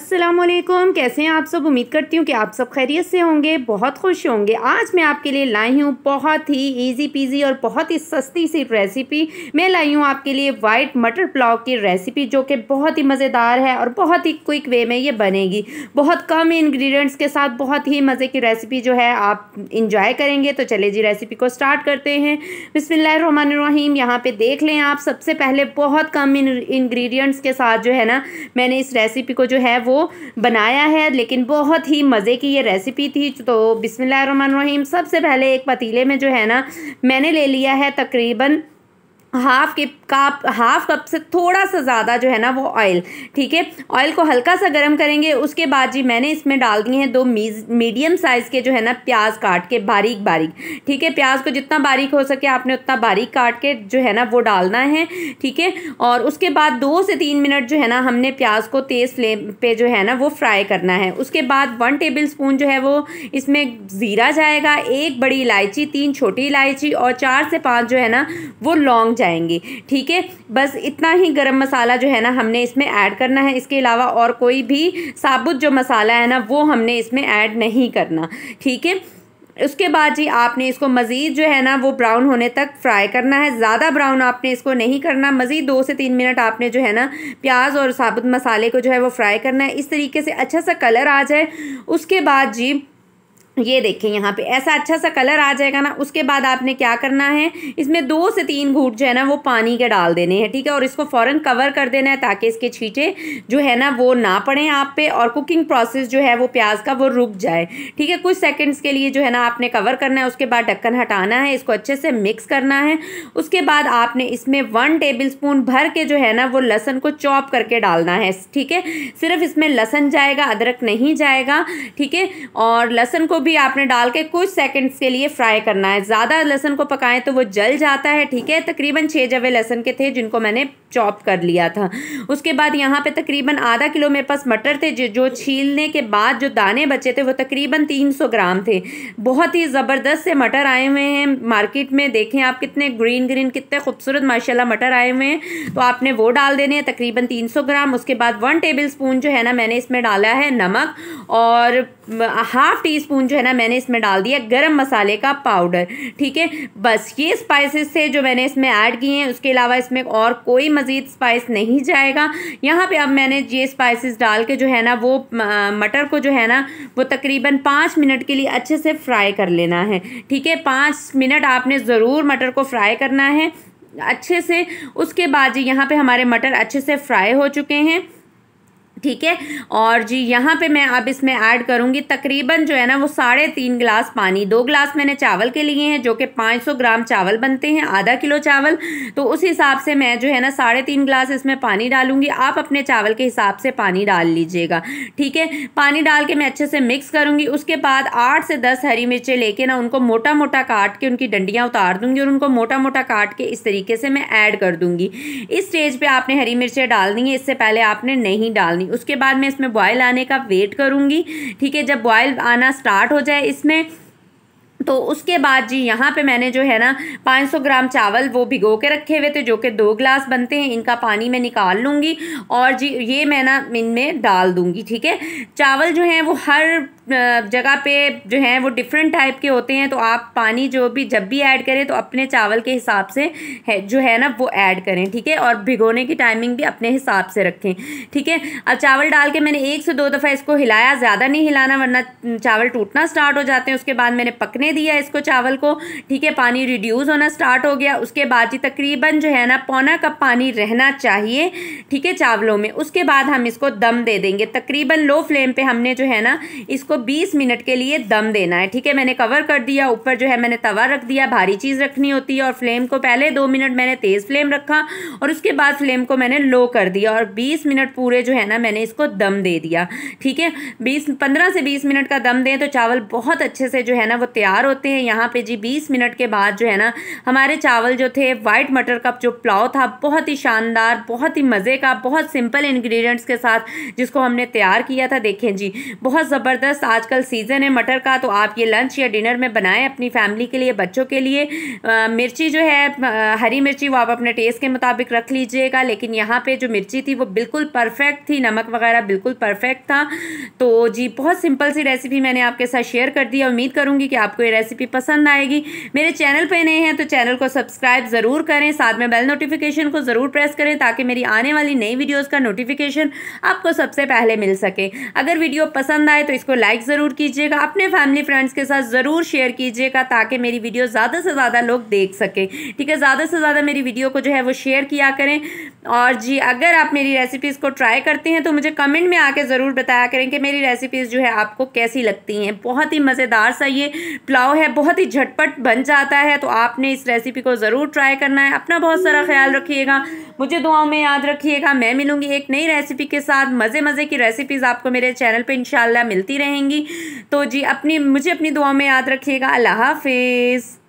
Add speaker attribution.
Speaker 1: असलम कैसे हैं आप सब उम्मीद करती हूँ कि आप सब खैरियत से होंगे बहुत खुश होंगे आज मैं आपके लिए लाई हूँ बहुत ही इजी पीजी और बहुत ही सस्ती सी रेसिपी मैं लाई हूँ आपके लिए वाइट मटर पुलाव की रेसिपी जो कि बहुत ही मज़ेदार है और बहुत ही क्विक वे में ये बनेगी बहुत कम इन्ग्रीडियंट्स के साथ बहुत ही मज़े की रेसिपी जो है आप इंजॉय करेंगे तो चले जी रेसिपी को स्टार्ट करते हैं रहीम यहाँ पर देख लें आप सबसे पहले बहुत कम इन्ग्रीडियंट्स के साथ जो है ना मैंने इस रेसिपी को जो है वो वो बनाया है लेकिन बहुत ही मज़े की ये रेसिपी थी तो बिसमीम सबसे पहले एक पतीले में जो है ना मैंने ले लिया है तकरीबन हाफ के काप हाफ कप से थोड़ा सा ज़्यादा जो है ना वो ऑयल ठीक है ऑयल को हल्का सा गर्म करेंगे उसके बाद जी मैंने इसमें डाल दिए हैं दो मीडियम साइज़ के जो है ना प्याज काट के बारीक बारीक ठीक है प्याज को जितना बारीक हो सके आपने उतना बारीक काट के जो है ना वो डालना है ठीक है और उसके बाद दो से तीन मिनट जो है ना हमने प्याज को तेज़ फ्लेम पर जो है ना वो फ्राई करना है उसके बाद वन टेबल स्पून जो है वो इसमें ज़ीरा जाएगा एक बड़ी इलायची तीन छोटी इलायची और चार से पाँच जो है ना वो लौंग जाएंगी ठीक है बस इतना ही गरम मसाला जो है ना हमने इसमें ऐड करना है इसके अलावा और कोई भी साबुत जो मसाला है ना वो हमने इसमें ऐड नहीं करना ठीक है उसके बाद जी आपने इसको मज़ीद जो है ना वो ब्राउन होने तक फ्राई करना है ज़्यादा ब्राउन आपने इसको नहीं करना मज़ीद दो से तीन मिनट आपने जो है ना प्याज और साबुत मसाले को जो है वो फ्राई करना है इस तरीके से अच्छा सा कलर आ जाए उसके बाद जी ये देखें यहाँ पे ऐसा अच्छा सा कलर आ जाएगा ना उसके बाद आपने क्या करना है इसमें दो से तीन घूट जो है ना वो पानी के डाल देने हैं ठीक है और इसको फ़ौरन कवर कर देना है ताकि इसके छींटे जो है ना वो ना पड़े आप पे और कुकिंग प्रोसेस जो है वो प्याज का वो रुक जाए ठीक है कुछ सेकंड्स के लिए जो है ना आपने कवर करना है उसके बाद ढक्कन हटाना है इसको अच्छे से मिक्स करना है उसके बाद आपने इसमें वन टेबल स्पून भर के जो है ना वो लहसन को चॉप करके डालना है ठीक है सिर्फ इसमें लहसन जाएगा अदरक नहीं जाएगा ठीक है और लहसन को भी भी आपने डाल के कुछ सेकंड्स के लिए फ्राई करना है ज़्यादा लहसन को पकाएं तो वो जल जाता है ठीक है तकरीबन छः जवे लहसन के थे जिनको मैंने चॉप कर लिया था उसके बाद यहाँ पे तकरीबन आधा किलो मेरे पास मटर थे जो जो छीलने के बाद जो दाने बचे थे वो तकरीबन 300 ग्राम थे बहुत ही ज़बरदस्त से मटर आए हुए हैं मार्केट में देखें आप कितने ग्रीन ग्रीन कितने खूबसूरत माशाल्लाह मटर आए हुए हैं तो आपने वो डाल देने हैं तकरीबन 300 ग्राम उसके बाद वन टेबल स्पून जो है ना मैंने इसमें डाला है नमक और हाफ़ टी स्पून जो है ना मैंने इसमें डाल दिया गरम मसाले का पाउडर ठीक है बस ये स्पाइसेस थे जो मैंने इसमें ऐड किए हैं उसके अलावा इसमें और कोई मज़ीद स्पाइस नहीं जाएगा यहाँ पे अब मैंने ये स्पाइसेस डाल के जो है ना वो मटर को जो है ना वो तकरीबन पाँच मिनट के लिए अच्छे से फ्राई कर लेना है ठीक है पाँच मिनट आपने ज़रूर मटर को फ्राई करना है अच्छे से उसके बाद जी यहाँ पर हमारे मटर अच्छे से फ्राई हो चुके हैं ठीक है और जी यहाँ पे मैं अब इसमें ऐड करूँगी तकरीबन जो है ना वो साढ़े तीन गिलास पानी दो गिलास मैंने चावल के लिए हैं जो कि पाँच सौ ग्राम चावल बनते हैं आधा किलो चावल तो उस हिसाब से मैं जो है ना साढ़े तीन गिलास इसमें पानी डालूंगी आप अपने चावल के हिसाब से पानी डाल लीजिएगा ठीक है पानी डाल के मैं अच्छे से मिक्स करूँगी उसके बाद आठ से दस हरी मिर्चें लेके ना उनको मोटा मोटा काट के उनकी डंडियाँ उतार दूँगी और उनको मोटा मोटा काट के इस तरीके से मैं ऐड कर दूँगी इस स्टेज पर आपने हरी मिर्चें डालनी है इससे पहले आपने नहीं डालनी उसके बाद मैं इसमें बॉयल आने का वेट करूँगी ठीक है जब बॉयल आना स्टार्ट हो जाए इसमें तो उसके बाद जी यहाँ पे मैंने जो है ना 500 ग्राम चावल वो भिगो के रखे हुए थे जो कि दो ग्लास बनते हैं इनका पानी मैं निकाल लूँगी और जी ये मैं ना इनमें डाल दूँगी ठीक है चावल जो हैं वो हर जगह पे जो हैं वो डिफरेंट टाइप के होते हैं तो आप पानी जो भी जब भी ऐड करें तो अपने चावल के हिसाब से है जो है ना वो ऐड करें ठीक है और भिगोने की टाइमिंग भी अपने हिसाब से रखें ठीक है अब चावल डाल के मैंने एक से दो दफ़ा इसको हिलाया ज़्यादा नहीं हिलाना वरना चावल टूटना स्टार्ट हो जाते हैं उसके बाद मैंने पकने दिया इसको चावल को ठीक है पानी रिड्यूज़ होना स्टार्ट हो गया उसके बाद ही तकरीबन जो है ना पौना कप पानी रहना चाहिए ठीक है चावलों में उसके बाद हम इसको दम दे देंगे तकरीबन लो फ्लेम पर हमने जो है ना इसको 20 मिनट के लिए दम देना है ठीक है मैंने कवर कर दिया ऊपर जो है मैंने तवा रख दिया भारी चीज़ रखनी होती है और फ्लेम को पहले दो मिनट मैंने तेज़ फ्लेम रखा और उसके बाद फ्लेम को मैंने लो कर दिया और बीस मिनट पूरे जो है ना मैंने इसको दम दे दिया ठीक है बीस पंद्रह से बीस मिनट का दम दें तो चावल बहुत अच्छे से जो है ना वो तैयार होते हैं यहाँ पर जी बीस मिनट के बाद जो है ना हमारे चावल जो थे वाइट मटर का जो पुलाव था बहुत ही शानदार बहुत ही मज़े का बहुत सिंपल इन्ग्रीडियंट्स के साथ जिसको हमने तैयार किया था देखें जी बहुत ज़बरदस्त ज़बरदस्त आजकल सीज़न है मटर का तो आप ये लंच या डिनर में बनाएं अपनी फैमिली के लिए बच्चों के लिए आ, मिर्ची जो है हरी मिर्ची वो आप अपने टेस्ट के मुताबिक रख लीजिएगा लेकिन यहाँ पे जो मिर्ची थी वो बिल्कुल परफेक्ट थी नमक वगैरह बिल्कुल परफेक्ट था तो जी बहुत सिंपल सी रेसिपी मैंने आपके साथ शेयर कर दी उम्मीद करूँगी कि आपको ये रेसिपी पसंद आएगी मेरे चैनल पर नए हैं तो चैनल को सब्सक्राइब ज़रूर करें साथ में बेल नोटिफिकेशन को ज़रूर प्रेस करें ताकि मेरी आने वाली नई वीडियोज़ का नोटिफिकेशन आपको सबसे पहले मिल सके अगर वीडियो पसंद आए तो इसको लाइक लाइक ज़रूर कीजिएगा अपने फैमिली फ्रेंड्स के साथ ज़रूर शेयर कीजिएगा ताकि मेरी वीडियो ज़्यादा से ज़्यादा लोग देख सकें ठीक है ज़्यादा से ज़्यादा मेरी वीडियो को जो है वो शेयर किया करें और जी अगर आप मेरी रेसिपीज़ को ट्राई करते हैं तो मुझे कमेंट में आके ज़रूर बताया करें कि मेरी रेसिपीज़ जो है आपको कैसी लगती हैं बहुत ही मज़ेदार सा ये पुलाव है बहुत ही झटपट बन जाता है तो आपने इस रेसिपी को ज़रूर ट्राई करना है अपना बहुत सारा ख्याल रखिएगा मुझे दुआओं में याद रखिएगा मैं मिलूँगी एक नई रेसिपी के साथ मज़े मज़े की रेसिपीज़ आपको मेरे चैनल पर इन मिलती रहेंगी रहेंगी तो जी अपनी मुझे अपनी दुआ में याद रखिएगा अल्लाह हाफिज़